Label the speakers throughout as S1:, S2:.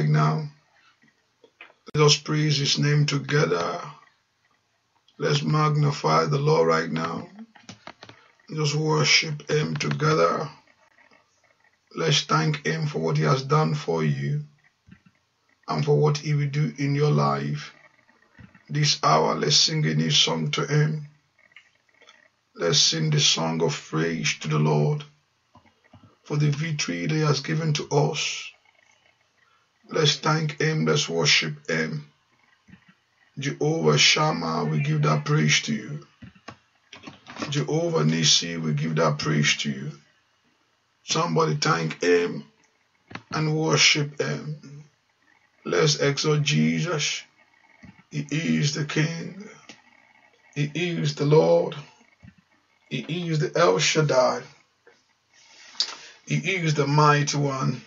S1: right now. Let us praise his name together. Let's magnify the Lord right now. Let's worship him together. Let's thank him for what he has done for you and for what he will do in your life. This hour, let's sing a new song to him. Let's sing the song of praise to the Lord for the victory he has given to us Let's thank Him. Let's worship Him. Jehovah Shammah, we give that praise to you. Jehovah Nisi, we give that praise to you. Somebody thank Him and worship Him. Let's exalt Jesus. He is the King. He is the Lord. He is the El Shaddai. He is the Mighty One.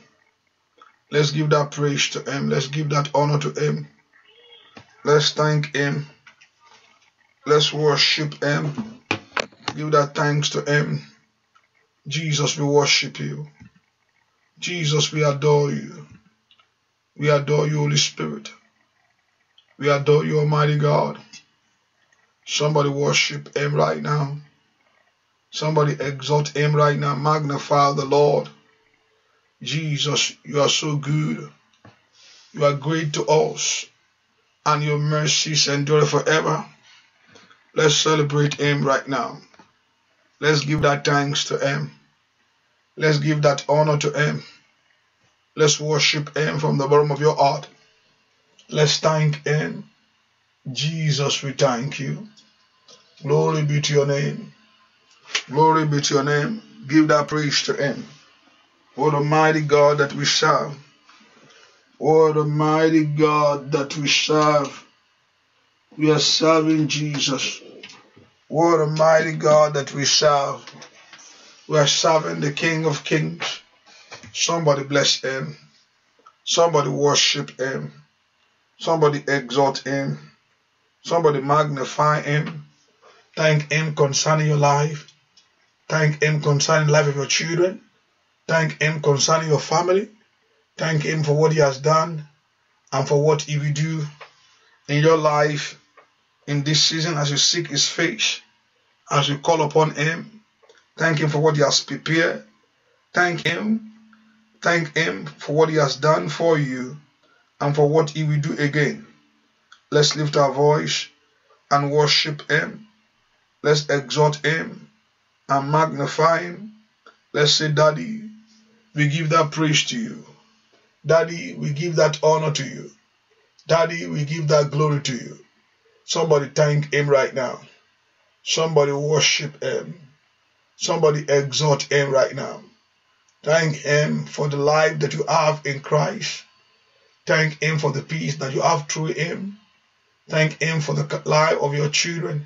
S1: Let's give that praise to Him. Let's give that honor to Him. Let's thank Him. Let's worship Him. Give that thanks to Him. Jesus, we worship you. Jesus, we adore you. We adore you, Holy Spirit. We adore you, Almighty God. Somebody worship Him right now. Somebody exalt Him right now. Magnify the Lord. Jesus, you are so good. You are great to us, and your mercies endure forever. Let's celebrate Him right now. Let's give that thanks to Him. Let's give that honor to Him. Let's worship Him from the bottom of your heart. Let's thank Him. Jesus, we thank you. Glory be to your name. Glory be to your name. Give that praise to Him. O Almighty mighty God that we serve. O Almighty mighty God that we serve. We are serving Jesus. O Almighty mighty God that we serve. We are serving the King of Kings. Somebody bless him. Somebody worship him. Somebody exalt him. Somebody magnify him. Thank him concerning your life. Thank him concerning the life of your children. Thank Him concerning your family. Thank Him for what He has done and for what He will do in your life in this season as you seek His face, as you call upon Him. Thank Him for what He has prepared. Thank Him. Thank Him for what He has done for you and for what He will do again. Let's lift our voice and worship Him. Let's exalt Him and magnify Him. Let's say, Daddy, we give that praise to you. Daddy, we give that honor to you. Daddy, we give that glory to you. Somebody thank him right now. Somebody worship him. Somebody exalt him right now. Thank him for the life that you have in Christ. Thank him for the peace that you have through him. Thank him for the life of your children.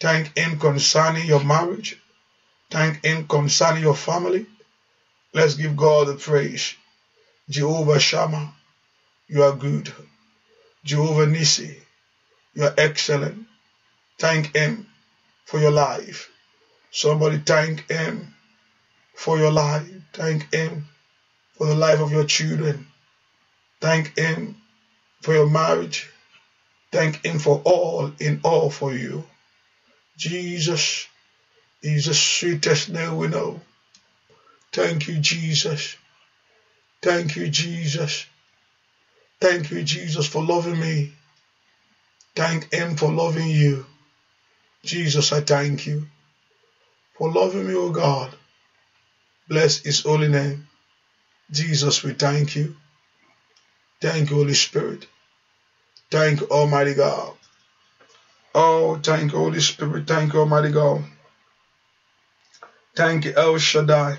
S1: Thank him concerning your marriage. Thank him concerning your family. Let's give God the praise. Jehovah Shammah, you are good. Jehovah Nisi, you are excellent. Thank Him for your life. Somebody thank Him for your life. Thank Him for the life of your children. Thank Him for your marriage. Thank Him for all in all for you. Jesus is the sweetest name we know. Thank you, Jesus. Thank you, Jesus. Thank you, Jesus, for loving me. Thank Him for loving you. Jesus, I thank you for loving me, O God. Bless His holy name. Jesus, we thank you. Thank you, Holy Spirit. Thank Almighty God. Oh, thank Holy Spirit. Thank Almighty God. Thank you, El Shaddai.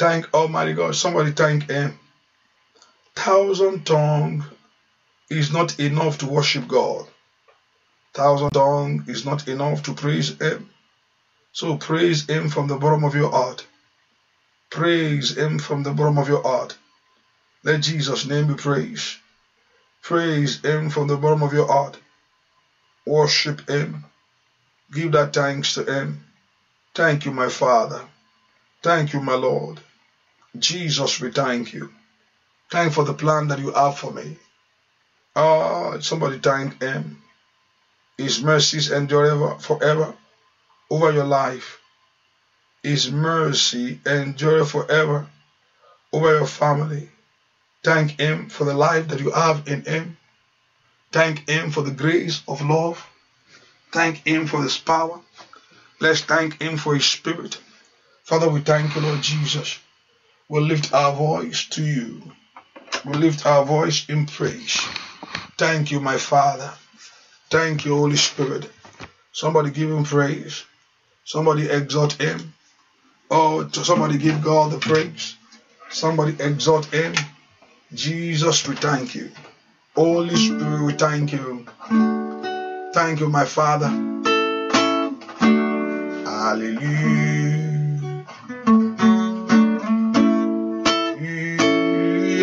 S1: Thank Almighty God. Somebody thank Him. Thousand tongue is not enough to worship God. Thousand tongue is not enough to praise Him. So praise Him from the bottom of your heart. Praise Him from the bottom of your heart. Let Jesus' name be praised. Praise Him from the bottom of your heart. Worship Him. Give that thanks to Him. Thank you, my Father. Thank you, my Lord. Jesus, we thank you. Thank for the plan that you have for me. Oh, somebody thank him. His mercies endure forever over your life. His mercy endure forever over your family. Thank him for the life that you have in him. Thank him for the grace of love. Thank him for his power. Let's thank him for his spirit. Father, we thank you, Lord Jesus we lift our voice to you. We lift our voice in praise. Thank you, my Father. Thank you, Holy Spirit. Somebody give him praise. Somebody exalt him. Oh, somebody give God the praise. Somebody exalt him. Jesus, we thank you. Holy Spirit, we thank you. Thank you, my Father. Hallelujah.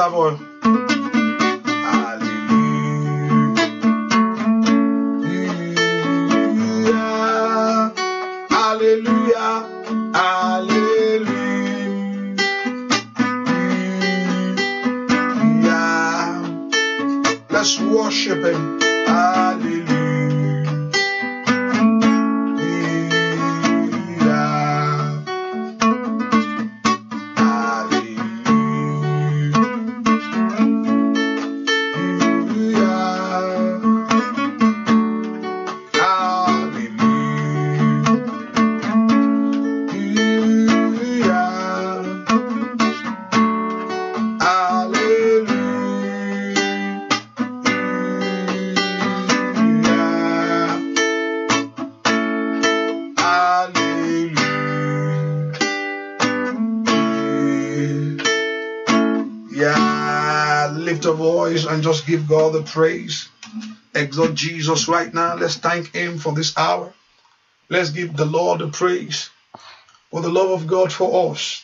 S1: tá bom. Yeah, lift a voice and just give God the praise. Exalt Jesus right now. Let's thank Him for this hour. Let's give the Lord the praise for the love of God for us.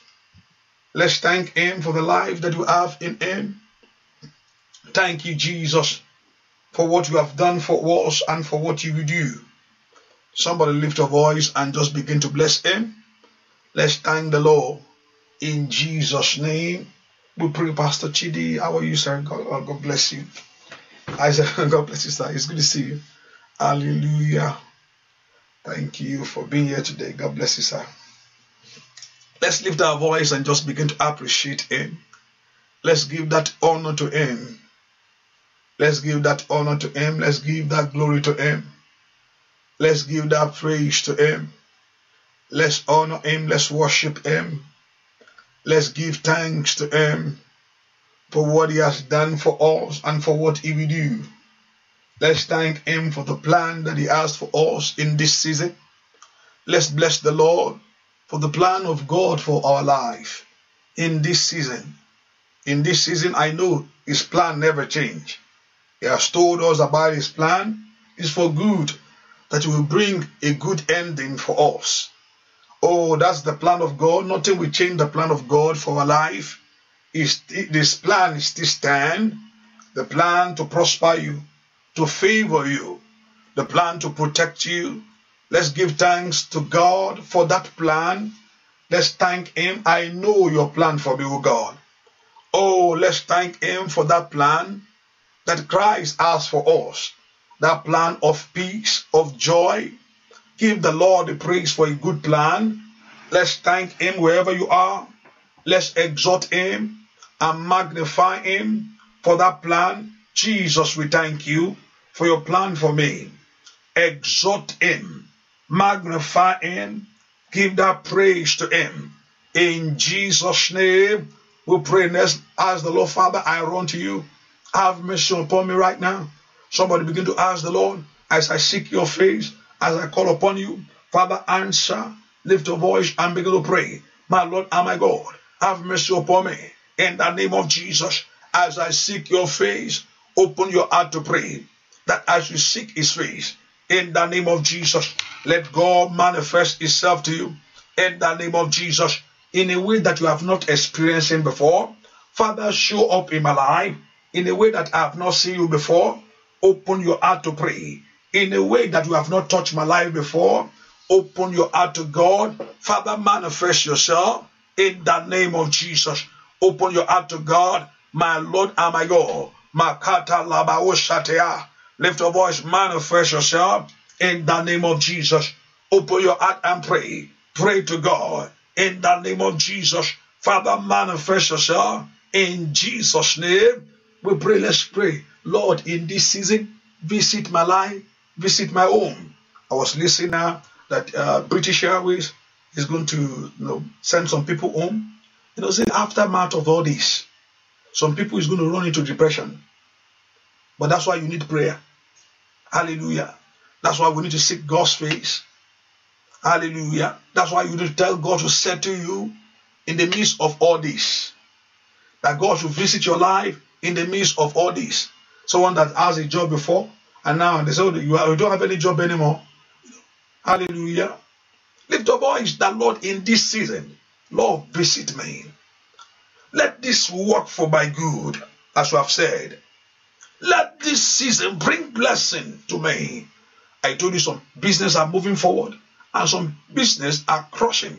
S1: Let's thank Him for the life that we have in Him. Thank you, Jesus, for what you have done for us and for what you will do. Somebody lift a voice and just begin to bless Him. Let's thank the Lord in Jesus' name. We pray, Pastor Chidi. How are you, sir? God, God bless you. Isaac, God bless you, sir. It's good to see you. Hallelujah. Thank you for being here today. God bless you, sir. Let's lift our voice and just begin to appreciate Him. Let's give that honor to Him. Let's give that honor to Him. Let's give that glory to Him. Let's give that praise to Him. Let's honor Him. Let's worship Him. Let's give thanks to Him for what He has done for us and for what He will do. Let's thank Him for the plan that He has for us in this season. Let's bless the Lord for the plan of God for our life in this season. In this season, I know His plan never change. He has told us about His plan is for good, that He will bring a good ending for us. Oh, that's the plan of God. Nothing will change the plan of God for our life. Is this plan is to stand. The plan to prosper you, to favor you, the plan to protect you. Let's give thanks to God for that plan. Let's thank Him. I know your plan for me, God. Oh, let's thank Him for that plan that Christ has for us. That plan of peace, of joy, Give the Lord the praise for a good plan. Let's thank Him wherever you are. Let's exalt Him and magnify Him for that plan. Jesus, we thank you for your plan for me. Exalt Him, magnify Him, give that praise to Him. In Jesus' name, we pray. Next, ask the Lord, Father, I run to you. Have mercy upon me right now. Somebody begin to ask the Lord as I seek your face. As I call upon you, Father, answer, lift your voice and begin to pray. My Lord and my God, have mercy upon me in the name of Jesus. As I seek your face, open your heart to pray. That as you seek his face, in the name of Jesus, let God manifest himself to you in the name of Jesus in a way that you have not experienced him before. Father, show up in my life in a way that I have not seen you before. Open your heart to pray in a way that you have not touched my life before. Open your heart to God. Father, manifest yourself in the name of Jesus. Open your heart to God. My Lord and my God. Makata labaoshatea. Lift your voice, manifest yourself in the name of Jesus. Open your heart and pray. Pray to God in the name of Jesus. Father, manifest yourself in Jesus' name. We pray, let's pray. Lord, in this season, visit my life, visit my home. I was listening that uh, British Airways is going to you know, send some people home. You know, see, aftermath of all this. Some people is going to run into depression. But that's why you need prayer. Hallelujah. That's why we need to seek God's face. Hallelujah. That's why you need to tell God to settle you in the midst of all this. That God should visit your life in the midst of all this. Someone that has a job before, and now they say, oh, you, are, you don't have any job anymore. Hallelujah. Lift your voice, the Lord, in this season. Lord, visit me. Let this work for my good, as you have said. Let this season bring blessing to me. I told you some business are moving forward and some business are crushing.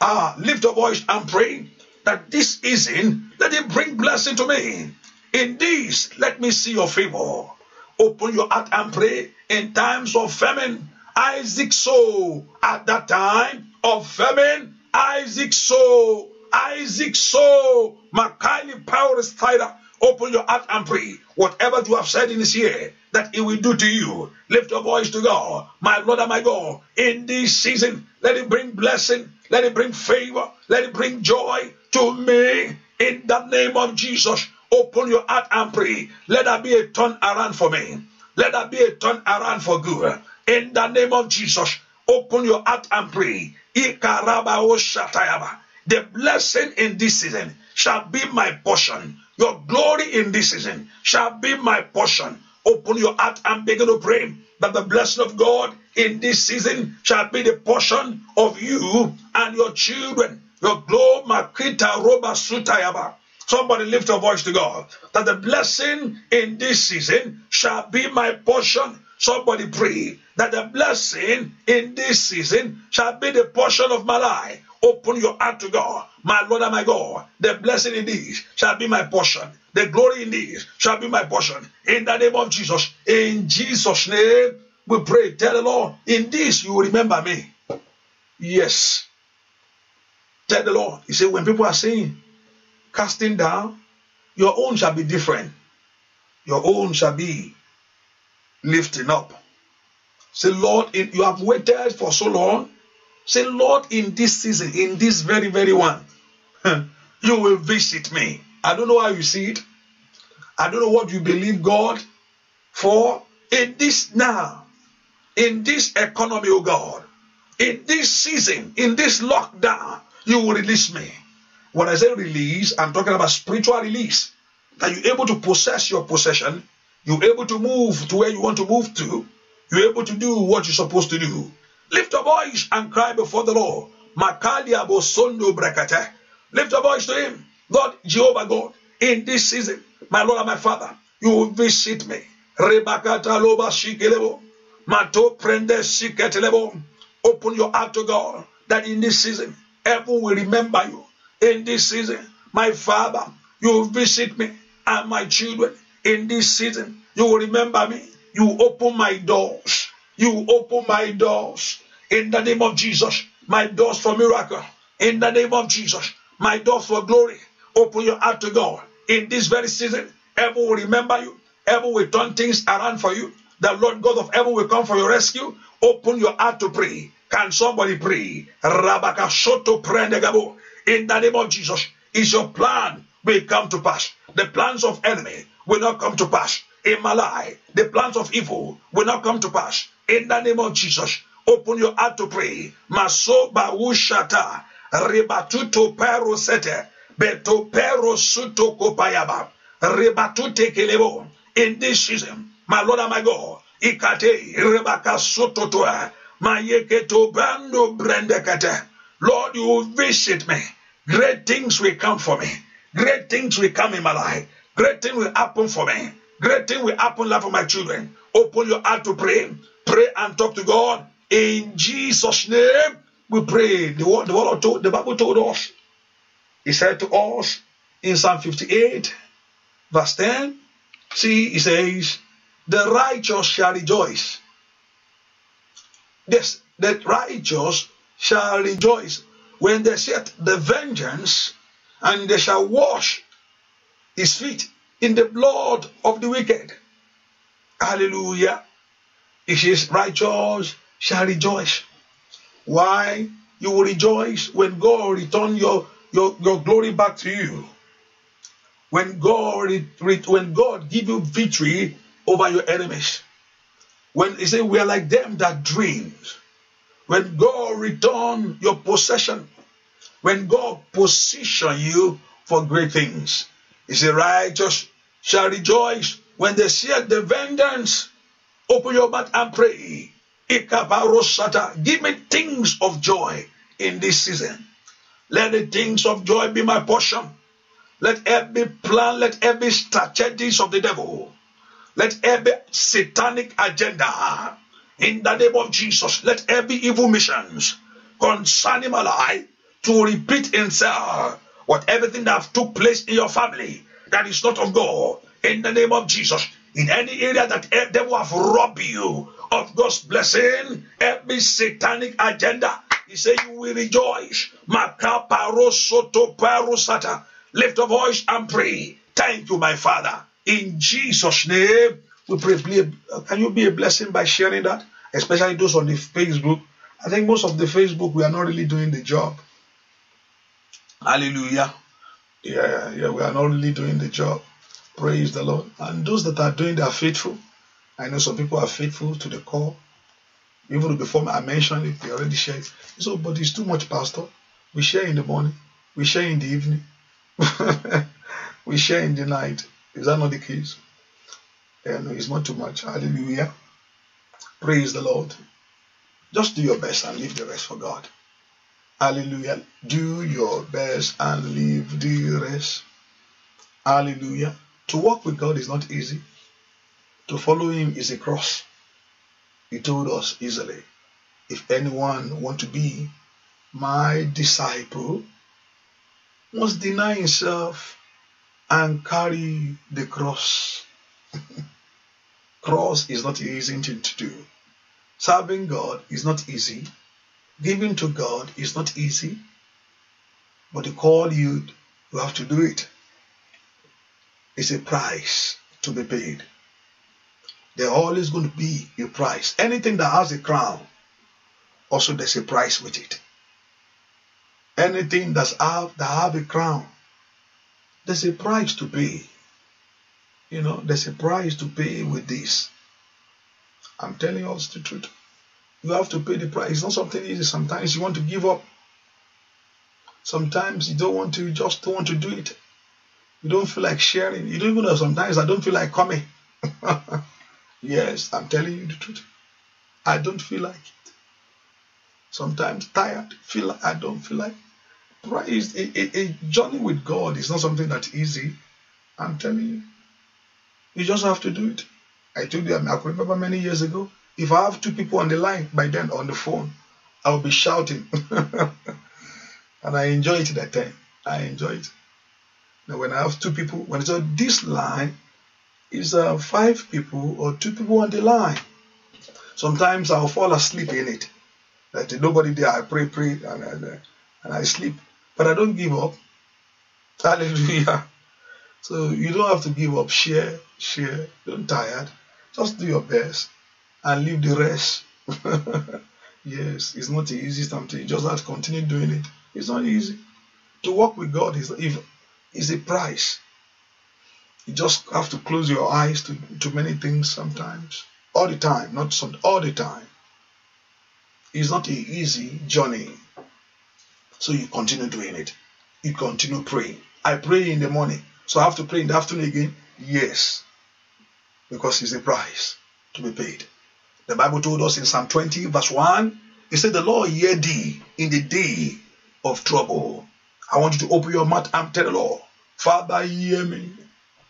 S1: Ah, lift your voice and pray that this season, let it bring blessing to me. In this, let me see your favor. Open your heart and pray in times of famine. Isaac saw at that time of famine. Isaac saw. Isaac saw. Makali power is tied Open your heart and pray. Whatever you have said in this year, that it will do to you. Lift your voice to God, my Lord and my God. In this season, let it bring blessing, let it bring favor, let it bring joy to me. In the name of Jesus, Open your heart and pray. Let there be a turn around for me. Let there be a turn around for good. In the name of Jesus, open your heart and pray. The blessing in this season shall be my portion. Your glory in this season shall be my portion. Open your heart and begin to pray that the blessing of God in this season shall be the portion of you and your children. Your glory, Makita Roba Sutayaba. Somebody lift your voice to God. That the blessing in this season shall be my portion. Somebody pray that the blessing in this season shall be the portion of my life. Open your heart to God. My Lord and my God, the blessing in this shall be my portion. The glory in this shall be my portion. In the name of Jesus. In Jesus' name, we pray. Tell the Lord, in this you will remember me. Yes. Tell the Lord. He said, when people are saying, casting down, your own shall be different. Your own shall be lifting up. Say, Lord, you have waited for so long. Say, Lord, in this season, in this very, very one, you will visit me. I don't know how you see it. I don't know what you believe God for. In this now, in this economy, oh God, in this season, in this lockdown, you will release me. When I say release, I'm talking about spiritual release. That you're able to possess your possession, you're able to move to where you want to move to, you're able to do what you're supposed to do. Lift your voice and cry before the Lord. Lift your voice to Him. Lord Jehovah God, in this season, my Lord and my Father, you will visit me. Open your heart to God that in this season, heaven will remember you. in this season. My Father, you will visit me and my children in this season. You will remember me. You open my doors. You open my doors in the name of Jesus. My doors for miracle in the name of Jesus. My doors for glory. Open your heart to God in this very season. Heaven will remember you. Heaven will turn things around for you. The Lord God of heaven will come for your rescue. Open your heart to pray. Can somebody pray? Rabakashoto prendegabo. In the name of Jesus, is your plan will come to pass. The plans of enemy will not come to pass. In my life, the plans of evil will not come to pass. In the name of Jesus, open your heart to pray. Maso bawushata rebatuto perosete beto perosuto kopayaba rebatute kelebo. In this season, my Lord and my God, ikate rebaka sototoa mayeketo brando brendekate. Lord, you will visit me. Great things will come for me. Great things will come in my life. Great things will happen for me. Great things will happen life for my children. Open your heart to pray. Pray and talk to God. In Jesus' name, we pray. The, word, the, word told, the Bible told us. He said to us in Psalm 58, verse 10. See, he says, The righteous shall rejoice. Yes, the righteous shall rejoice when they set the vengeance, and they shall wash his feet in the blood of the wicked. Hallelujah. If righteous, shall rejoice. Why? You will rejoice when God return your, your, your glory back to you. When God, when God give you victory over your enemies. When he say we are like them that dreams. When God return your possession, when God position you for great things, is the righteous shall rejoice when they see the vengeance. Open your mouth and pray. Give me things of joy in this season. Let the things of joy be my portion. Let every plan, let every strategies of the devil, let every satanic agenda in the name of Jesus, let every evil missions concerning my life to repeat itself. What everything that took place in your family that is not of God, in the name of Jesus, in any area that devil have robbed you of God's blessing, every satanic agenda, he said, you will rejoice. Lift a voice and pray. Thank you, my Father. In Jesus' name, we pray, please, can you be a blessing by sharing that, especially those on the Facebook? I think most of the Facebook, we are not really doing the job. Hallelujah. Yeah, yeah, we are not really doing the job. Praise the Lord. And those that are doing, they are faithful. I know some people are faithful to the call. Even before I mentioned it, they already shared. So, but it's too much, Pastor. We share in the morning, we share in the evening, we share in the night. Is that not the case? And it's not too much. Hallelujah. Praise the Lord. Just do your best and leave the rest for God. Hallelujah. Do your best and leave the rest. Hallelujah. To walk with God is not easy. To follow Him is a cross. He told us easily, if anyone want to be my disciple, must deny himself and carry the cross. Cross is not easy to, to do. Serving God is not easy. Giving to God is not easy. But the call you, you have to do it. It's a price to be paid. There always going to be a price. Anything that has a crown, also there's a price with it. Anything that's have, that have a crown, there's a price to pay. You know, there's a price to pay with this. I'm telling us the truth. You have to pay the price. It's not something easy. Sometimes you want to give up. Sometimes you don't want to, just don't want to do it. You don't feel like sharing. You don't even know. Sometimes I don't feel like coming. yes, I'm telling you the truth. I don't feel like it. Sometimes tired, feel like I don't feel like Price a, a, a journey with God is not something that's easy. I'm telling you. You just have to do it. I told you, I can remember many years ago. If I have two people on the line by then on the phone, I'll be shouting. and I enjoy it that time. I enjoy it. Now, when I have two people, when it's on this line, is uh, five people or two people on the line. Sometimes I'll fall asleep in it. That nobody there, I pray, pray, and, and, and I sleep. But I don't give up. Hallelujah. So you don't have to give up. Share, share. Don't tired. Just do your best and leave the rest. yes, it's not easy something. You just have to continue doing it. It's not easy. To walk with God is if is a price. You just have to close your eyes to, to many things sometimes. All the time, not some all the time. It's not an easy journey. So you continue doing it. You continue praying. I pray in the morning. So I have to pray in the afternoon again? Yes. Because it's a price to be paid. The Bible told us in Psalm 20, verse 1, it said, The Lord hear thee in the day of trouble. I want you to open your mouth and tell the Lord, Father, hear me.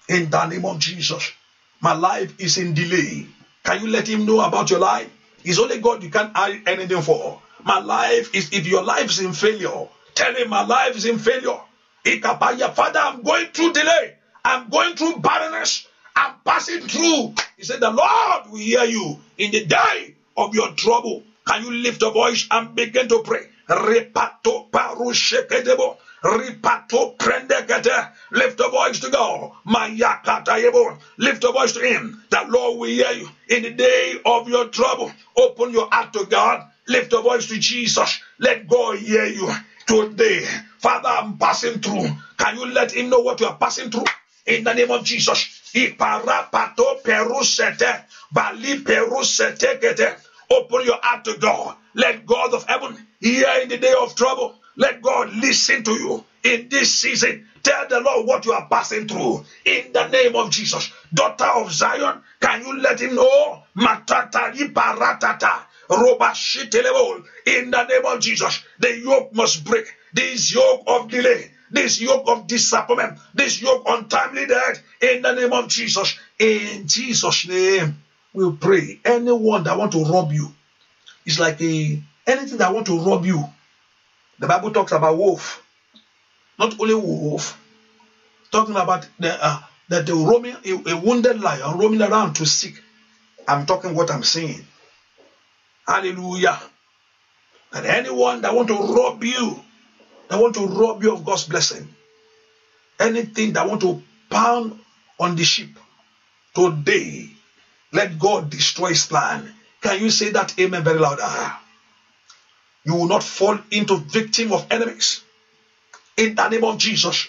S1: In the name of Jesus, my life is in delay. Can you let him know about your life? It's only God you can't add anything for. My life is, if your life is in failure, tell him my life is in failure. Ikabaya, Father, I'm going through delay. I'm going through barrenness. I'm passing through. He said, The Lord will hear you in the day of your trouble. Can you lift your voice and begin to pray? Repato parushekedebo. Repato prendegede. Lift your voice to God. Mayakatayebo. Lift your voice to Him. The Lord will hear you in the day of your trouble. Open your heart to God. Lift your voice to Jesus. Let God hear you Today, Father, I'm passing through. Can you let him know what you are passing through? In the name of Jesus. Iparapato perusete, bali perusete kete. Open your heart to God. Let God of heaven hear in the day of trouble. Let God listen to you in this season. Tell the Lord what you are passing through in the name of Jesus. Daughter of Zion, can you let him know? Matata iparatata. Roba In the name of Jesus. The yoke must break. This yoke of delay, this yoke of disappointment, this yoke of untimely death, in the name of Jesus. In Jesus' name, we pray. Anyone that want to rob you, it's like a anything that want to rob you. The Bible talks about wolf. Not only wolf, talking about the uh, that the roaming a, a wounded lion roaming around to seek. I'm talking what I'm saying. Hallelujah. And anyone that want to rob you, that want to rob you of God's blessing, anything that want to pound on the sheep today, let God destroy his plan. Can you say that amen very loud? You will not fall into victim of enemies. In the name of Jesus,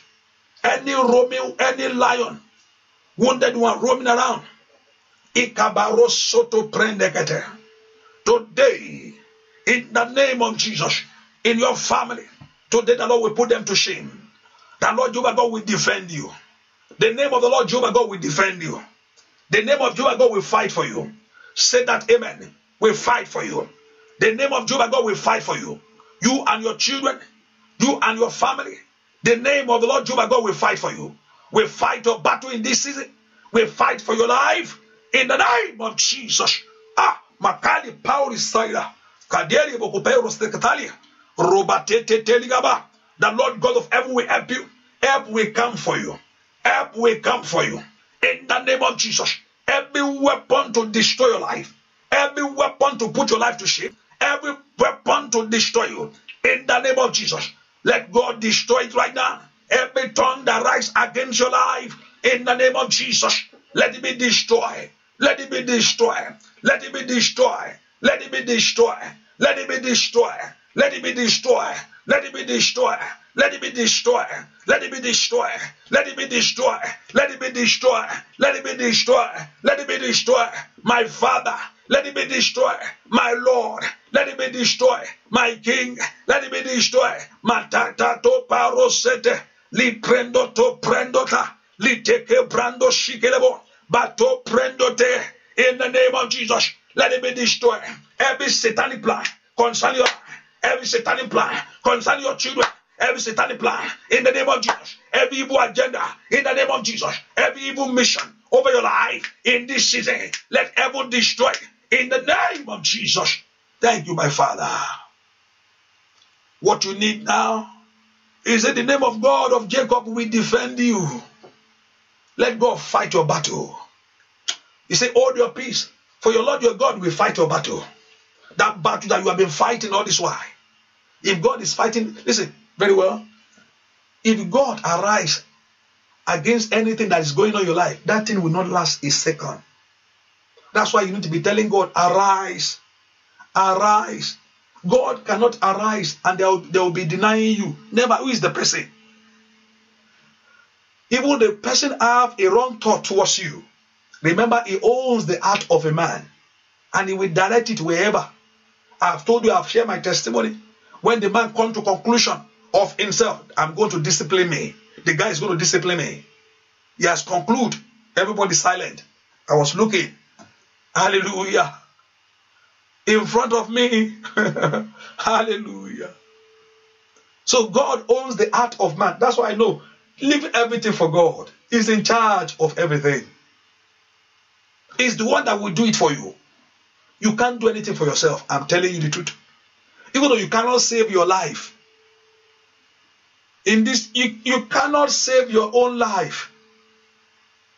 S1: any roaming, any lion, wounded one roaming around, Ikabarosoto prendekete. Today, in the name of Jesus, in your family, today the Lord will put them to shame. The Lord Jehovah God will defend you. The name of the Lord Jehovah God will defend you. The name of Jehovah God will fight for you. Say that, Amen. Will fight for you. The name of Jehovah God will fight for you. You and your children, you and your family. The name of the Lord Jehovah God will fight for you. We fight your battle in this season. We fight for your life in the name of Jesus. Ah, Makali Paul is silent ligaba. The Lord God of heaven will help you. Help will come for you. Help will come for you. In the name of Jesus. Every weapon to destroy your life. Every weapon to put your life to shame. Every weapon to destroy you. In the name of Jesus. Let God destroy it right now. Every tongue that rises against your life. In the name of Jesus. Let it be destroyed. Let it be destroyed. Let it be destroyed. Let it be destroyed. Let it be destroyed. Let it be destroyed. Let it be destroyed. Let it be destroyed. Let it be destroyed. Let it be destroyed. Let it be destroyed. Let it be destroyed. Let it be destroyed. My Father, let it be destroyed. My Lord, let it be destroyed. My King, let it be destroyed. Matata to parosete. Li prendo to prendota. Li teke brando shikelebo. Bato prendote. In the name of Jesus. Let it be destroyed. Every satanic plan concerning your every satanic plan concerning your children, every satanic plan in the name of Jesus, every evil agenda in the name of Jesus, every evil mission over your life in this season, let evil destroy in the name of Jesus. Thank you, my Father. What you need now is in the name of God of Jacob, we defend you. Let God fight your battle. He said, Hold your peace for your Lord your God will fight your battle. That battle that you have been fighting all this while. If God is fighting, listen very well. If God arise against anything that is going on in your life, that thing will not last a second. That's why you need to be telling God, arise, arise. God cannot arise and they will, they will be denying you. Never. Who is the person? Even the person have a wrong thought towards you. Remember, he owns the heart of a man and he will direct it wherever. I've told you, I've shared my testimony. When the man comes to conclusion of himself, I'm going to discipline me. The guy is going to discipline me. He has concluded. Everybody silent. I was looking. Hallelujah. In front of me. Hallelujah. So God owns the heart of man. That's why I know. Leave everything for God. He's in charge of everything is the one that will do it for you. You can't do anything for yourself. I'm telling you the truth. Even though you cannot save your life, in this, you, you cannot save your own life.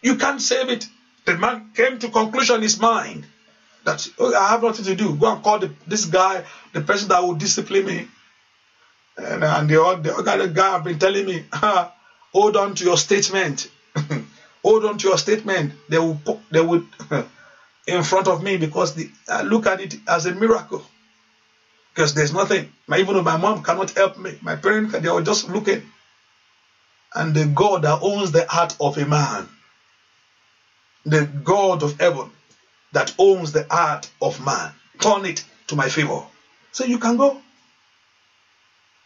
S1: You can't save it. The man came to conclusion in his mind that oh, I have nothing to do. Go and call the, this guy, the person that will discipline me. And, and the, the other guy have been telling me, hold on to your statement hold on to your statement they will put they would in front of me because the, I look at it as a miracle because there's nothing my even my mom cannot help me my parents they were just looking and the God that owns the heart of a man the God of heaven that owns the heart of man turn it to my favor so you can go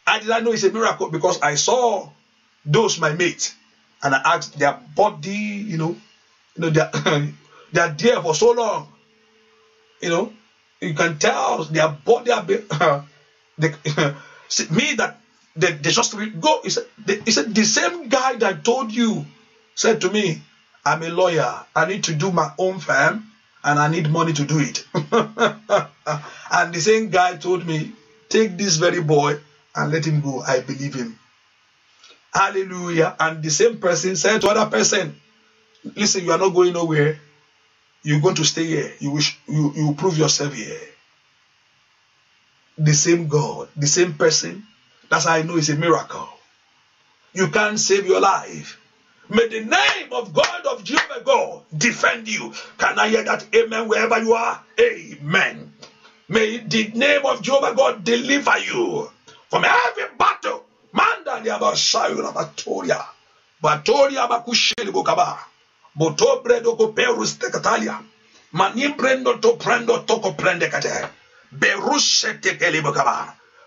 S1: I did not know it's a miracle because I saw those my mates and I asked their body, you know, you know, they're, they're there for so long. You know, you can tell their body have been, me that they, they just go. He said, he said, the same guy that told you said to me, I'm a lawyer. I need to do my own firm and I need money to do it. and the same guy told me, take this very boy and let him go. I believe him. Hallelujah. And the same person said to other person, listen, you are not going nowhere. You're going to stay here. You wish you, you prove yourself here. The same God, the same person. That's how I know it's a miracle. You can't save your life. May the name of God of Jehovah God defend you. Can I hear that? Amen. Wherever you are, Amen. May the name of Jehovah God deliver you from every battle in abashayo batoria batoria bakusheli perus tekatalia to prendo toko prende kate berushe tekele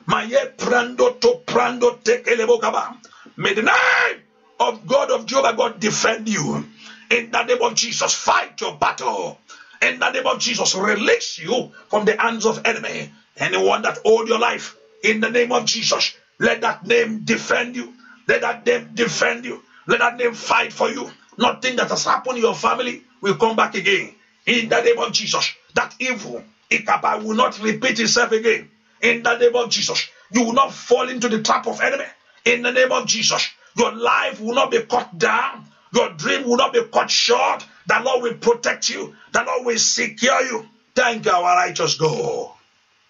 S1: maye prendo to tekele may the name of God of Jehovah God defend you in the name of Jesus fight your battle in the name of Jesus release you from the hands of enemy anyone that hold your life in the name of Jesus let that name defend you. Let that name defend you. Let that name fight for you. Nothing that has happened in your family will come back again. In the name of Jesus, that evil, Ichabod, will not repeat itself again. In the name of Jesus, you will not fall into the trap of enemy. In the name of Jesus, your life will not be cut down. Your dream will not be cut short. The Lord will protect you. The Lord will secure you. Thank our righteous God.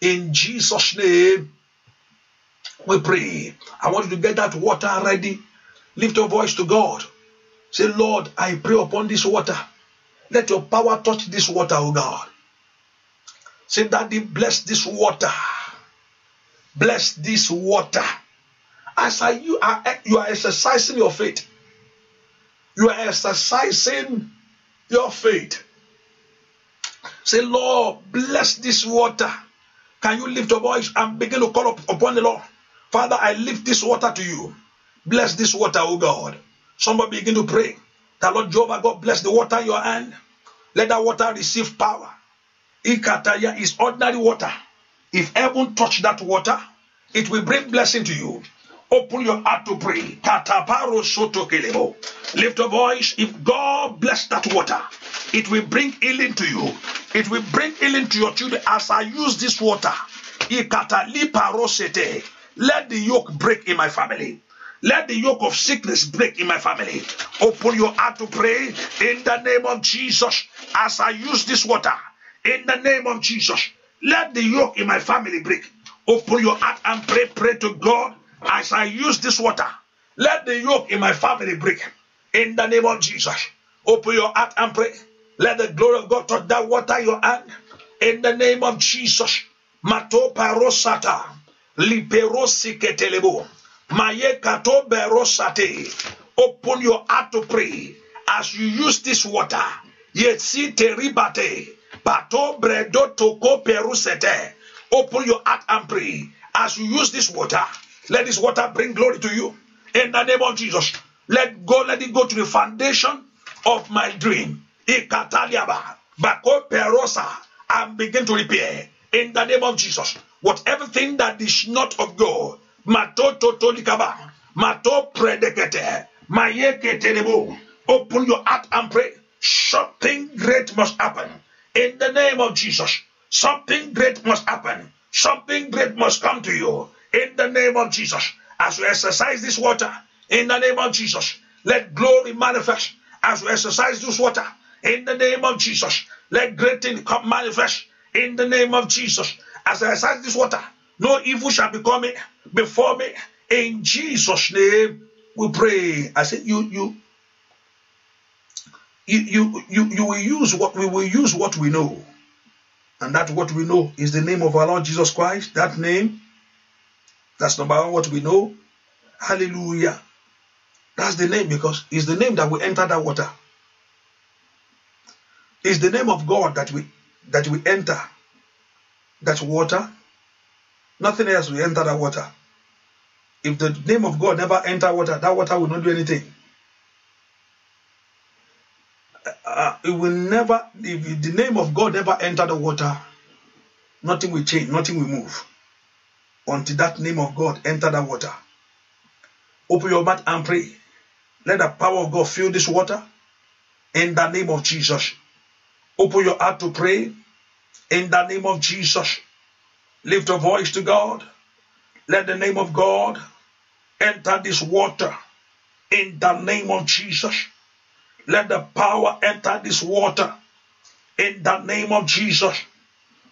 S1: In Jesus' name, we pray. I want you to get that water ready. Lift your voice to God. Say, Lord, I pray upon this water. Let your power touch this water, O God. Say, Daddy, bless this water. Bless this water. As I, you, are, you are exercising your faith, you are exercising your faith. Say, Lord, bless this water. Can you lift your voice and begin to call up upon the Lord? Father, I lift this water to you. Bless this water, O God. Somebody begin to pray. The Lord Jehovah God bless the water in your hand. Let that water receive power. Ikataya is ordinary water. If heaven touch that water, it will bring blessing to you. Open your heart to pray. Kataparo Lift your voice. If God bless that water, it will bring healing to you. It will bring healing to your children as I use this water. Ikatali parosete. Let the yoke break in my family. Let the yoke of sickness break in my family. Open your heart to pray in the name of Jesus as I use this water. In the name of Jesus, let the yoke in my family break. Open your heart and pray. Pray to God as I use this water. Let the yoke in my family break. In the name of Jesus, open your heart and pray. Let the glory of God touch that water your hand. In the name of Jesus, Mato Parosata. Liberosi ketelebo. Maye kato berosate. Open your heart to pray as you use this water. Yetsi teribate. Pato bredo toko perusete. Open your heart and pray as you use this water. Let this water bring glory to you. In the name of Jesus. Let go, let it go to the foundation of my dream. Ikataliaba. Bako perosa. And begin to repair. In the name of Jesus. Whatever thing that is not of God, mato totolikaba, mato predicate, terrible. Open your heart and pray. Something great must happen in the name of Jesus. Something great must happen. Something great must come to you in the name of Jesus. As you exercise this water in the name of Jesus, let glory manifest. As you exercise this water in the name of Jesus, let great things come manifest in the name of Jesus. As I recite this water, no evil shall be coming before me. In Jesus' name, we pray. I said, you, you, you, you, you will use what we will use what we know, and that what we know is the name of our Lord Jesus Christ. That name. That's number one. What we know. Hallelujah. That's the name because it's the name that we enter that water. It's the name of God that we that we enter that water, nothing else will enter that water. If the name of God never enter water, that water will not do anything. Uh, uh, it will never, if the name of God never enter the water, nothing will change, nothing will move until that name of God enter that water. Open your mouth and pray. Let the power of God fill this water in the name of Jesus. Open your heart to pray. In the name of Jesus, lift a voice to God. Let the name of God enter this water. In the name of Jesus, let the power enter this water. In the name of Jesus.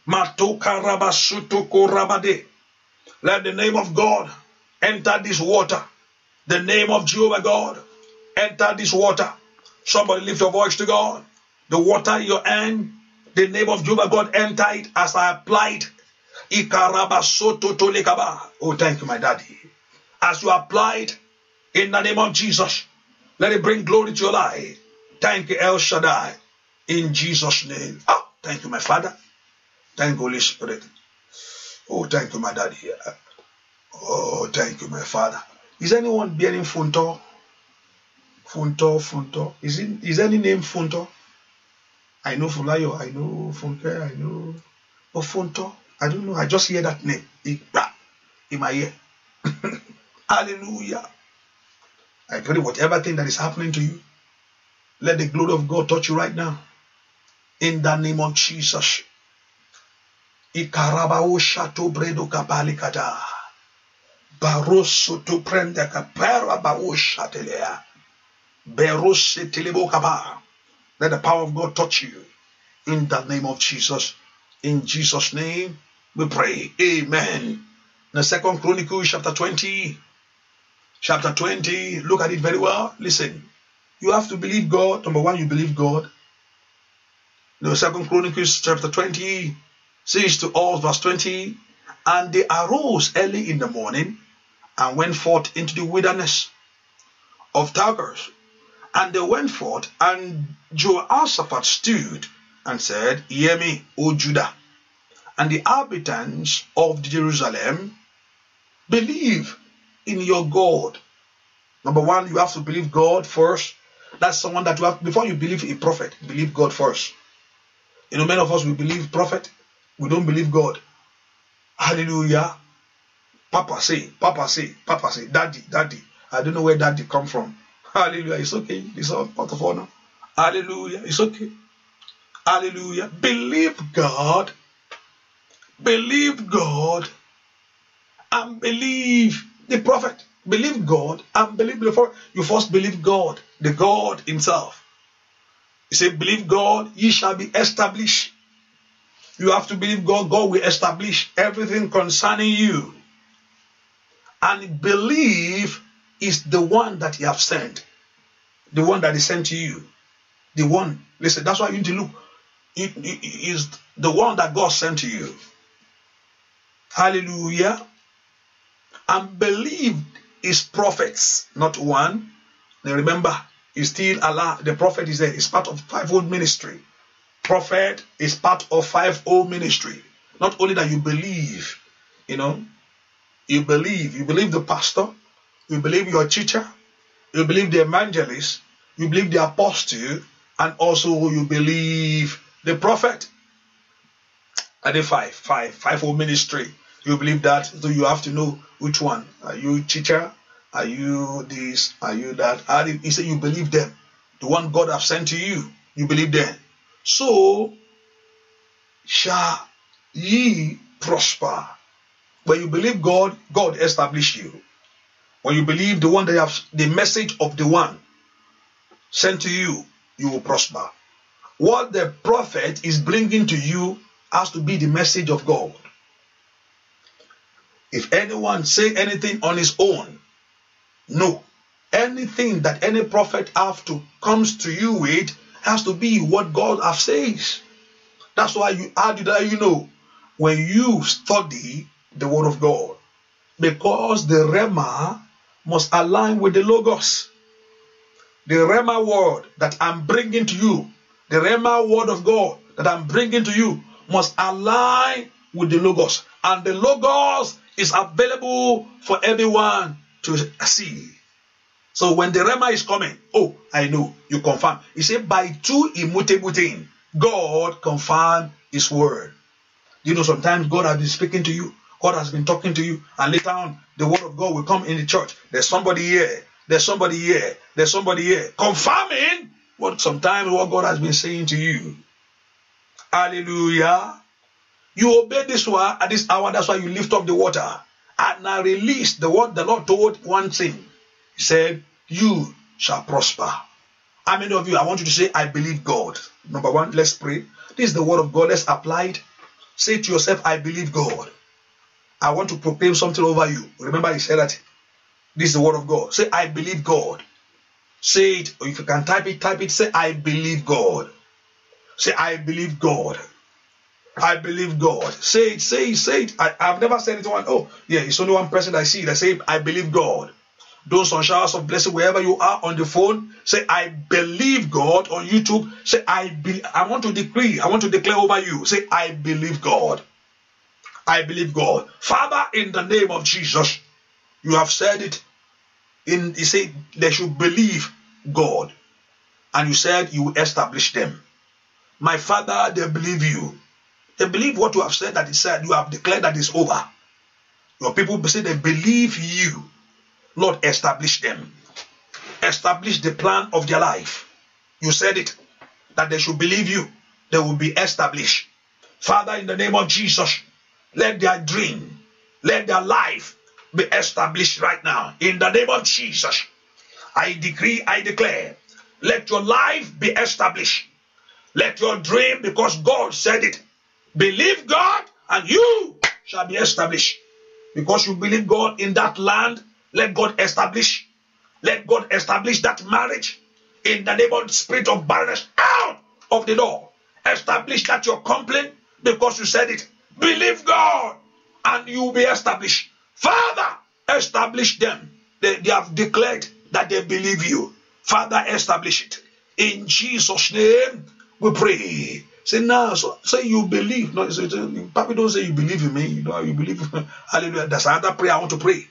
S1: Let the name of God enter this water. The name of Jehovah God enter this water. Somebody lift your voice to God. The water in your hand the name of Jehovah God enter it as I applied. apply it. Oh, thank you, my daddy. As you applied in the name of Jesus, let it bring glory to your life. Thank you, El Shaddai. In Jesus' name. Ah, thank you, my Father. Thank you, Holy Spirit. Oh, thank you, my daddy. Oh, thank you, my Father. Is anyone bearing Funto? Funto, Funto. Is, it, is any name Funto? I know Folayo, I know Funke, I know Ofonto. I don't know. I just hear that name in my ear. Hallelujah. I pray whatever thing that is happening to you, let the glory of God touch you right now. In the name of Jesus. Ikarabao shato bredo kabalikada. Baroso to prende kapera bao shatelea. Berose telebo kabaa. Let the power of God touch you in the name of Jesus. In Jesus' name, we pray. Amen. The second Chronicles chapter 20. Chapter 20. Look at it very well. Listen. You have to believe God. Number one, you believe God. The second Chronicles chapter 20 says to us, verse 20, and they arose early in the morning and went forth into the wilderness of Tigers and they went forth, and Jehoshaphat stood and said, Hear me, O Judah, and the inhabitants of Jerusalem, believe in your God. Number one, you have to believe God first. That's someone that you have before you believe a prophet, believe God first. You know, many of us we believe prophet, we don't believe God. Hallelujah. Papa say, Papa say, Papa say, Daddy, Daddy. I don't know where Daddy come from. Hallelujah. It's okay. It's all part of honor. Hallelujah. It's okay. Hallelujah. Believe God. Believe God and believe the prophet. Believe God and believe before You first believe God, the God Himself. He said, Believe God, ye shall be established. You have to believe God, God will establish everything concerning you. And believe is the one that you have sent, the one that is sent to you, the one. Listen, that's why you need to look. it is the one that God sent to you. Hallelujah. And believed his prophets, not one. Now remember, it's still Allah. The prophet is there. It's part of five old ministry. Prophet is part of five old ministry. Not only that you believe, you know, you believe, you believe the pastor, you believe your teacher, you believe the evangelist, you believe the apostle, and also you believe the prophet. Add the five, five, five five, ministry. You believe that, so you have to know which one. Are you teacher? Are you this? Are you that? Are you, he said you believe them. The one God have sent to you, you believe them. So shall ye prosper. When you believe God, God establish you. When you believe the one they have the message of the one sent to you, you will prosper. What the prophet is bringing to you has to be the message of God. If anyone say anything on his own, no. Anything that any prophet have to comes to you with has to be what God have says. That's why you add that you know when you study the word of God, because the Rema must align with the Logos, the Rema word that I'm bringing to you, the Rema word of God that I'm bringing to you must align with the Logos. And the Logos is available for everyone to see. So when the Rema is coming, oh, I know, you confirm. He said, by two immutable things, God confirmed his word. You know, sometimes God has been speaking to you. God has been talking to you, and later on, the word of God will come in the church. There's somebody here, there's somebody here, there's somebody here, confirming what sometimes what God has been saying to you. Hallelujah. You obey this word at this hour, that's why you lift up the water. And I release the word the Lord told one thing. He said, You shall prosper. How many of you, I want you to say, I believe God. Number one, let's pray. This is the word of God. Let's apply it. Say to yourself, I believe God. I want to proclaim something over you. Remember, he said that this is the word of God. Say, I believe God. Say it, or if you can type it, type it. Say, I believe God. Say, I believe God. I believe God. Say it, say it, say it. I, have never said it to one. Oh, yeah, it's only one person I see that say, I believe God. Those some showers of blessing, wherever you are on the phone, say, I believe God. On YouTube, say, I be, I want to decree, I want to declare over you. Say, I believe God. I believe God. Father, in the name of Jesus, you have said it. In you say they should believe God, and you said you will establish them. My father, they believe you. They believe what you have said that is said, you have declared that is over. Your people say they believe you. Lord, establish them. Establish the plan of their life. You said it that they should believe you. They will be established. Father, in the name of Jesus, let their dream, let their life be established right now. In the name of Jesus, I decree, I declare, let your life be established. Let your dream, because God said it, believe God and you shall be established. Because you believe God in that land, let God establish. Let God establish that marriage in the name of the spirit of barrenness out of the door. Establish that your complaint because you said it. Believe God and you will be established. Father, establish them. They, they have declared that they believe you. Father, establish it. In Jesus' name, we pray. Say now, so say you believe. No, say, Papa, don't say you believe in me. You know, you believe. Hallelujah. That's another prayer I want to pray.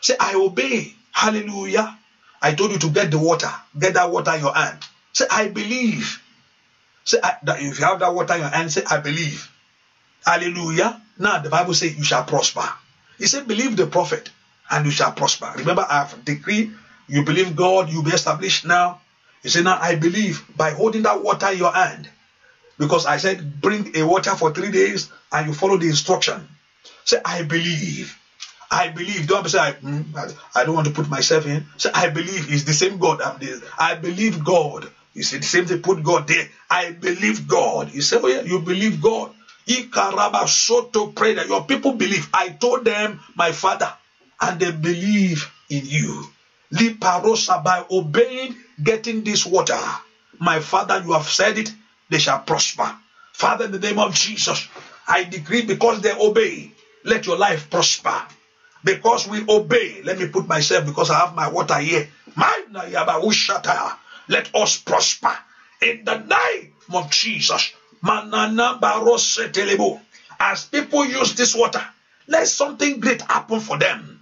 S1: Say, I obey. Hallelujah. I told you to get the water. Get that water in your hand. Say, I believe. Say, I, that if you have that water in your hand, say, I believe. Hallelujah. Now the Bible says you shall prosper. He said, believe the prophet and you shall prosper. Remember, I have decreed you believe God, you'll be established now. He said, Now I believe by holding that water in your hand. Because I said, bring a water for three days and you follow the instruction. Say, I believe. I believe. Don't say, I, hmm, I, don't want to put myself in. Say, I believe. It's the same God. I'm this. I believe God. He said, the same thing. Put God there. I believe God. He said, Oh, yeah, you believe God to pray that your people believe. I told them, my father, and they believe in you. Liparosa by obeying, getting this water. My father, you have said it, they shall prosper. Father, in the name of Jesus, I decree because they obey, let your life prosper. Because we obey, let me put myself because I have my water here. Let us prosper in the name of Jesus. Manana As people use this water, let something great happen for them.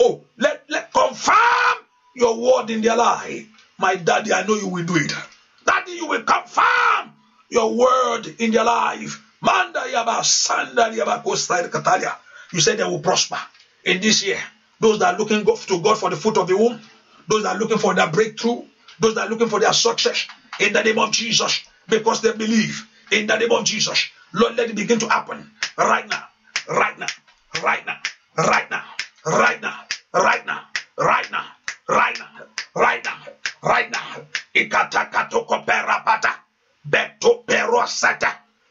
S1: Oh, let, let confirm your word in their life. My daddy, I know you will do it. Daddy, you will confirm your word in their life. Manda yaba sanda yaba costa katalia. You said they will prosper in this year. Those that are looking to God for the foot of the womb, those that are looking for their breakthrough, those that are looking for their success, in the name of Jesus, because they believe in the name of Jesus, Lord, let it begin to happen right now, right now, right now, right now, right now, right now, right now, right now, right now, right now. Ikata katoko bata, beto perosata,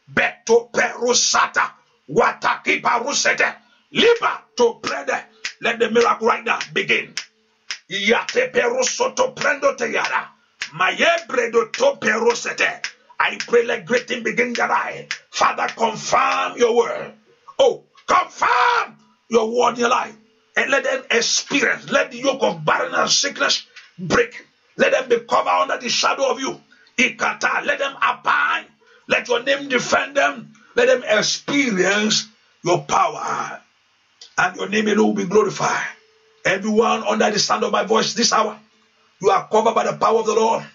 S1: beto perosata, wataki parusete, liba to prede. Let the miracle right now begin. Yate perosoto prendo te yara, maye bredo to perosete thing begin to die. Father, confirm your word. Oh, confirm your word in your life. And let them experience, let the yoke of barrenness and sickness break. Let them be covered under the shadow of you. Ikata, let them abide. Let your name defend them. Let them experience your power. And your name alone will be glorified. Everyone under the sound of my voice this hour, you are covered by the power of the Lord.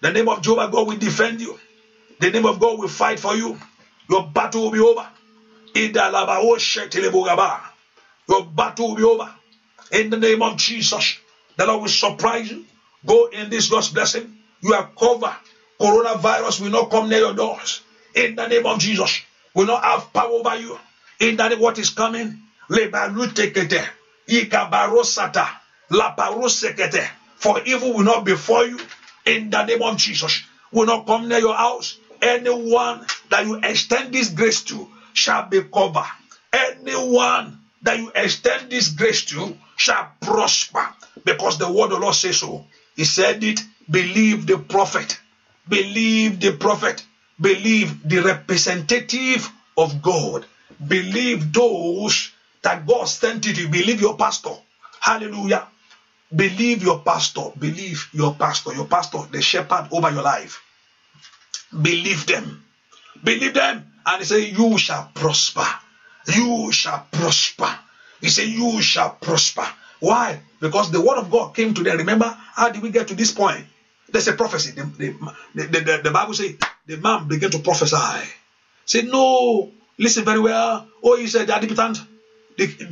S1: The name of Jehovah God will defend you. The name of God will fight for you. Your battle will be over. Your battle will be over. In the name of Jesus, the Lord will surprise you. Go in this God's blessing. You are covered. Coronavirus will not come near your doors. In the name of Jesus, will not have power over you. In that what is coming, lebalutekete, ikabarosata, laparosekete, for evil will not befall you. In the name of Jesus, will not come near your house. Anyone that you extend this grace to shall be covered. Anyone that you extend this grace to shall prosper because the word of the Lord says so. He said it, believe the prophet, believe the prophet, believe the representative of God, believe those that God sent you to believe your pastor. Hallelujah. Believe your pastor, believe your pastor, your pastor, the shepherd over your life. Believe them. Believe them. And he said, You shall prosper. You shall prosper. He said, You shall prosper. Why? Because the word of God came to them. Remember, how did we get to this point? There's a prophecy. The, the, the, the, the Bible says the man began to prophesy. Say, no, listen very well. Oh, he said, the adjutant,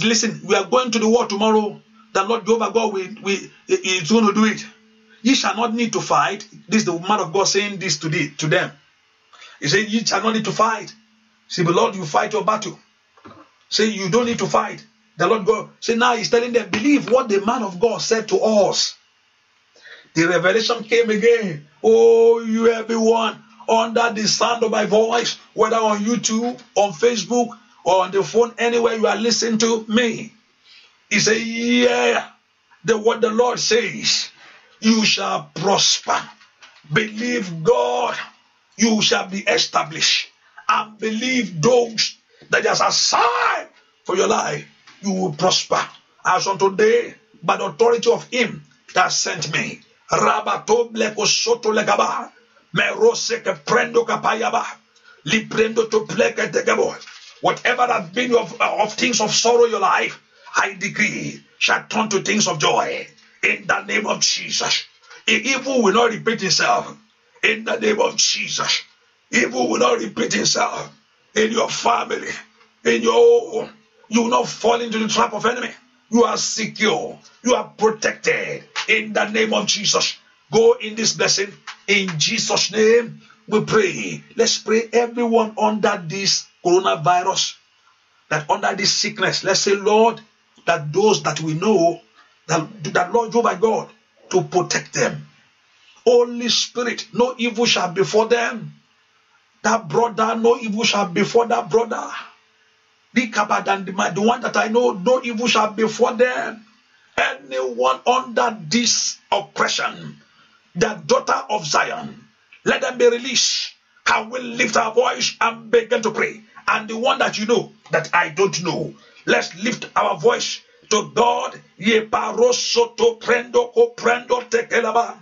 S1: listen, we are going to the war tomorrow. The Lord Jehovah God we, we, is going to do it. Ye shall not need to fight. This is the man of God saying this to, the, to them. He said, You shall not need to fight. See, but Lord, you fight your battle. Say, you don't need to fight. The Lord God, say, now He's telling them, believe what the man of God said to us. The revelation came again. Oh, you everyone, under the sound of my voice, whether on YouTube, on Facebook, or on the phone, anywhere you are listening to me. He said, Yeah, the what the Lord says you shall prosper. Believe God, you shall be established. And believe those that are a sign for your life, you will prosper. As on today, by the authority of Him that sent me. Whatever has been of, uh, of things of sorrow in your life, I decree shall turn to things of joy in the name of Jesus. Evil will not repeat itself in the name of Jesus. Evil will not repeat itself in your family, in your own, You will not fall into the trap of enemy. You are secure. You are protected in the name of Jesus. Go in this blessing in Jesus' name. We pray. Let's pray everyone under this coronavirus, that under this sickness. Let's say, Lord, that those that we know that, that Lord by God to protect them. Holy Spirit, no evil shall befall them. That brother, no evil shall befall that brother. The Kabad and the one that I know, no evil shall befall them. Anyone under this oppression, the daughter of Zion, let them be released. Can we lift our voice and begin to pray? And the one that you know that I don't know, let's lift our voice to God. ye Yeparosoto prendo ko prendo tekelaba.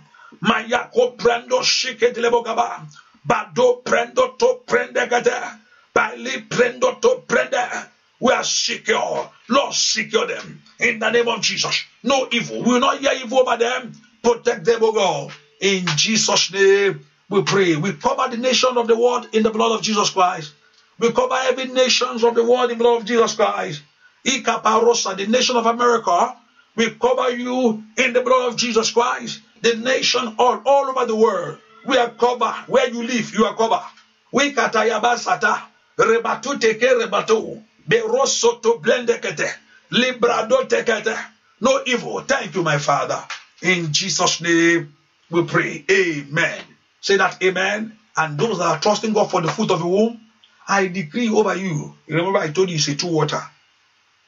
S1: ko prendo shikedelebogaba. Bado prendo to gada, Bali prendo to prende. We are secure. Lord, secure them in the name of Jesus. No evil. We will not hear evil over them. Protect them, O God. In Jesus' name, we pray. We cover the nation of the world in the blood of Jesus Christ. We cover every nation of the world in the blood of Jesus Christ. Ikaparosa, the nation of America, we cover you in the blood of Jesus Christ. The nation all, all over the world, we are covered. Where you live, you are covered. We katayabasata, rebatu teke rebatu, berosoto blendekete, librado tekete. No evil. Thank you, my Father. In Jesus' name, we pray. Amen. Say that, Amen. And those that are trusting God for the fruit of the womb, I decree over you. Remember, I told you it's a two water.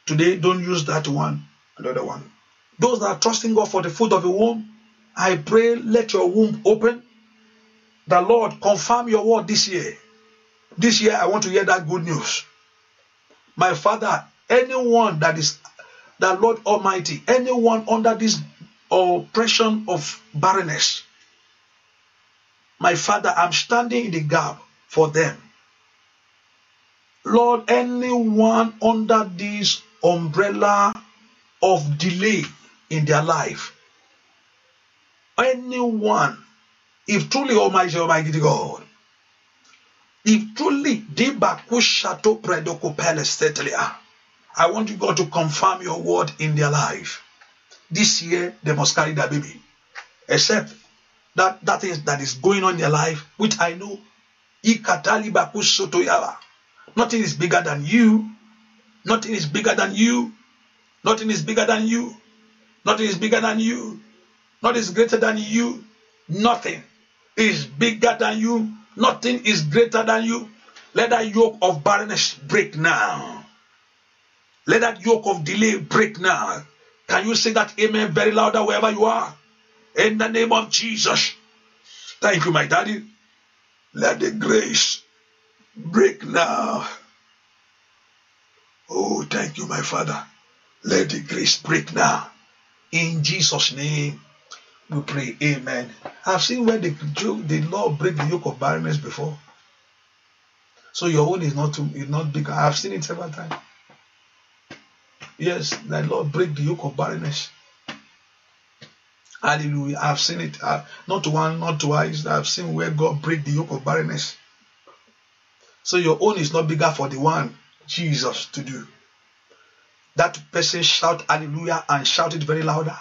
S1: Today, don't use that one, another one. Those that are trusting God for the food of the womb, I pray let your womb open. The Lord confirm your word this year. This year, I want to hear that good news. My Father, anyone that is the Lord Almighty, anyone under this oppression of barrenness, my Father, I'm standing in the gap for them. Lord, anyone under this umbrella of delay in their life. Anyone, if truly Almighty oh oh Almighty God, if truly Dibakushato Predoko Pelestelia, I want you God to confirm your word in their life. This year they must carry their baby. Except that that is that is going on in their life, which I know. Nothing is bigger than you Nothing is bigger than you. Nothing is bigger than you. Nothing is bigger than you. Nothing is greater than you. Nothing is bigger than you. Nothing is greater than you. Let that yoke of barrenness break now. Let that yoke of delay break now. Can you say that amen very louder wherever you are? In the name of Jesus. Thank you, my daddy. Let the grace break now. Oh, thank you, my Father. Let the grace break now. In Jesus' name, we pray. Amen. I've seen where the, the Lord break the yoke of barrenness before. So your own is not too, is not big. I've seen it several times. Yes, the Lord break the yoke of barrenness. Hallelujah. I've seen it. not one, not twice. I've seen where God break the yoke of barrenness. So your own is not bigger for the one Jesus to do. That person shout hallelujah and shout it very louder.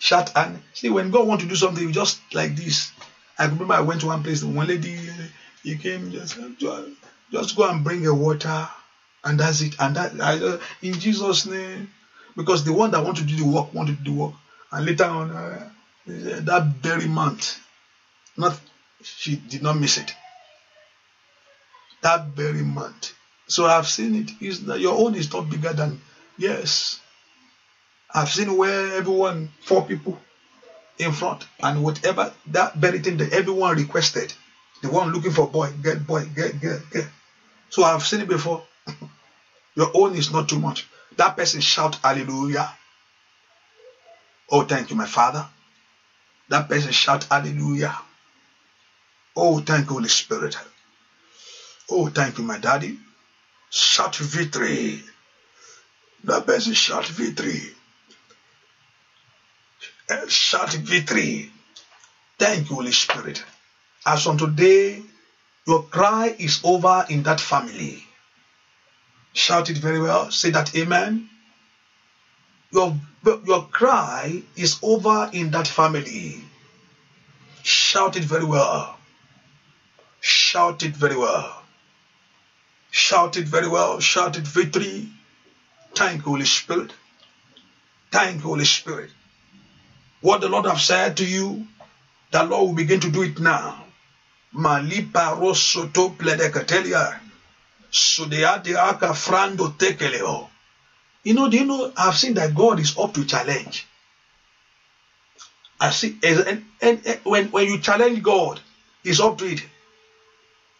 S1: Shout and see when God want to do something, just like this. I remember I went to one place, one lady he came just just go and bring a water, and that's it. And that I, in Jesus' name, because the one that want to do the work want to do the work, and later on uh, that very month, not she did not miss it that very month. So I've seen it. Is that your own is not bigger than yes. I've seen where everyone four people in front and whatever that very thing that everyone requested, the one looking for boy, get boy, get get get. So I've seen it before. your own is not too much. That person shout hallelujah. Oh, thank you, my father. That person shout hallelujah. Oh, thank you, Holy Spirit. Oh, thank you, my daddy. Shout victory. That person shout victory. Shout victory. Thank you, Holy Spirit. As on today, your cry is over in that family. Shout it very well. Say that amen. Your, your cry is over in that family. Shout it very well. Shout it very well. Shout it very well. Shout it victory. Thank Holy Spirit. Thank Holy Spirit. What the Lord have said to you, the Lord will begin to do it now. Malipa rosoto pledekatelia. Sudeate aka frando tekeleo. You know, do you know, I've seen that God is up to challenge. I see, and, and, and when, when you challenge God, He's up to it.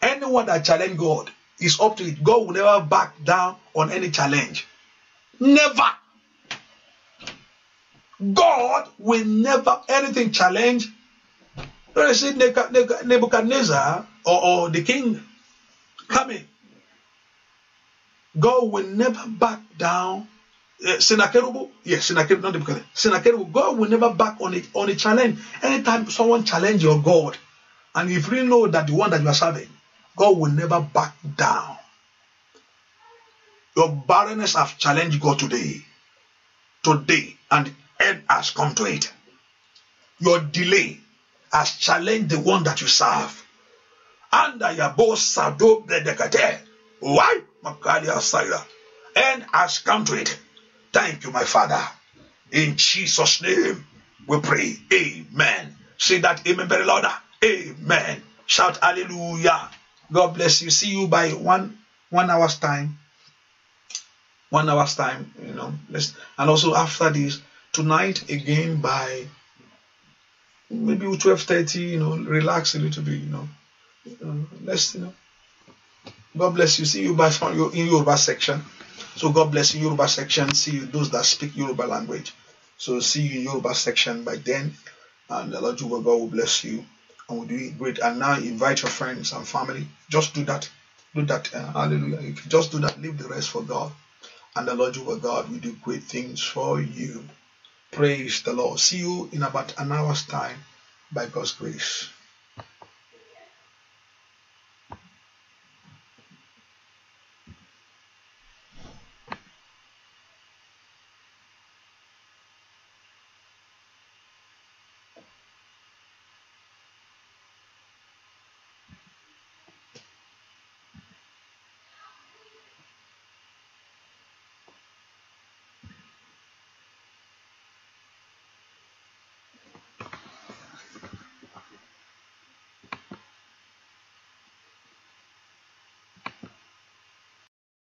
S1: Anyone that challenge God, is up to it. God will never back down on any challenge. Never. God will never anything challenge. Let us see Nebuchadnezzar or, or the king coming, God will never back down. Uh, eh, Sennacherib, yes, Sennacherib, not Nebuchadnezzar. Sennacherib, God will never back on it on a challenge. Anytime someone challenge your God, and if you know that the one that you are serving God will never back down. Your barrenness have challenged God today. Today, and end has come to it. Your delay has challenged the one that you serve. And both Sado Bledekate. Why? Makalia Saira. End has come to it. Thank you, my Father. In Jesus' name, we pray. Amen. Say that amen very louder. Amen. Shout hallelujah. God bless you. See you by one one hour's time. One hour's time, you know. Let's and also after this tonight again by maybe twelve thirty. You know, relax a little bit. You know, um, let's you know. God bless you. See you by in Yoruba section. So God bless you, Yoruba section. See you those that speak Yoruba language. So see you in Yoruba section by then, and the Lord Jehovah God will bless you and we'll do it great. And now invite your friends and family. Just do that. Do that. Uh, hallelujah. You can just do that. Leave the rest for God. And the Lord your God will do great things for you. Praise the Lord. See you in about an hour's time by God's grace.